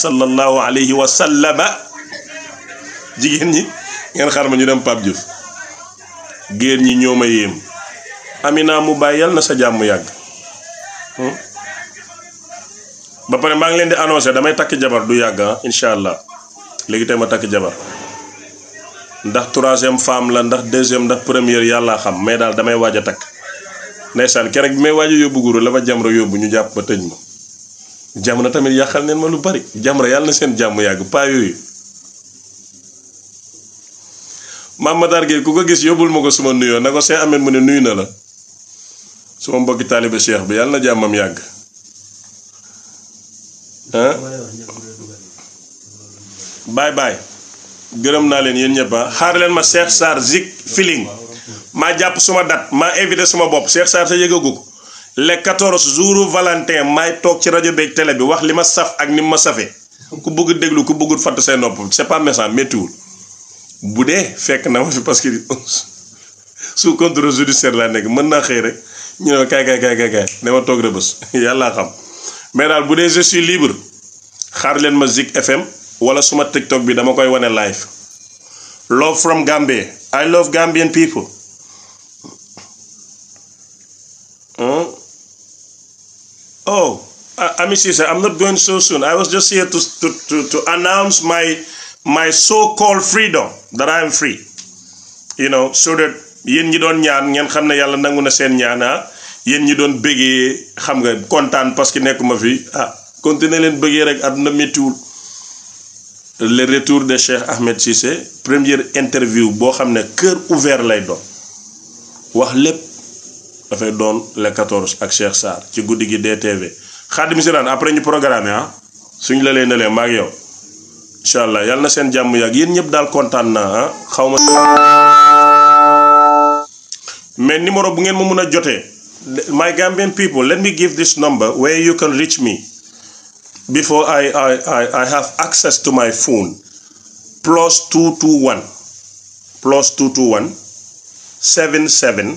sallallahu alayhi wa sallama jigéen ñi ngeen xar ma ñu dem Pape Diouf géer ñi ñoo ma yéem Amina mu bàyyi yal na sa jàmm yàgg hmm? ba pare maa ngi leen di annoncé damay takk jabar du yàgg ah incha allah léegi tey ma takk jabar ndax troisième femme la ndax deuxième ndax première yàllaa xam mais daal damay waaj a takk ndeysaan keroog bi may waaj a yóbbu guru la fa jam yóbbu ñu jàpp ba tëj ma. Jamra tamit yàqal neen ma lu bari Jamra yàlla na seen jàmm yàgg paa yooyu maam Matar Gueye ku ko gis yóbbul ma ko suma nuyoo na ko see amee mu ne nuyu na la suma mbokki taaliba Cheikh bi yàlla na jàmmam yàgg ah baay baay gërëm naa leen yéen ñëpp ah. xaar leen ma Cheikh Sarr Zik Feeling maa jàpp suma dat maa invité suma bopp Cheikh Sarr sa yëgagu ko le 14 jour Valentin may toog ci rajo beeg tele bi wax li ma saf ak ni ma safee ku bëgg déglu ku bëggul fatt say nopp c'est pas méchant bu dee fekk na ma fi parce que sous contrôle judiciaire laa nekk mën naa xëy rek ñu ne kaay kaay kaay kaay ne ma toog rëbës yàllaa xam mais daal bu dee je libre xaar leen ma Zik FM wala suma TikTok bi dama koy wane live love from Gambia I love Gambian people. Oh, Ami Sisa, am not going so soon. I was just here to, to, to, to announce my, my so-called freedom, that I am free. You know, so that yéen ñi doon ñaan ngeen xam ne yàlla nangu na seen ñaan ah yéen ñi doon bëggee xam nga kontaan parce que nekkuma fi ah continuer leen bëggee rek àdduna méttiwul le retour de Cheikh Ahmed Cissé première interview boo xam ne kër ouvert lay doon wax lépp dafay doon le 14 ak Cheikh Sarr ci guddi gi DTV Xaadim Siraan après ñu programme ah suñ la leen dalee maa ak yow allah yal na seen jàmm yàgg yéen ñëpp daal kontaan naa ah xaw ma. mais numéro bu ngeen ma mën a jotee. my Gambian people let me give this number where you can reach me before I I I, I have access to my phone. plus 221 plus 221 77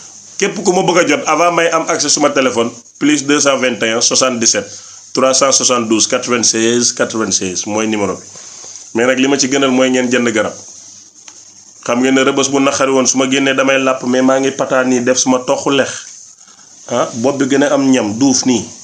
képp ku ma bëgg a jot avant may am accès suma téléphone plus 221 77 372 96 96 mooy numéro bi mais nag li ma ci gënal mooy ngeen jënd garab xam ngeen ne rëbës bu naqari woon su ma génnee damay làpp mais maa ngi pataan nii def suma toxu lex ah bopp bi gën a am ñam duuf nii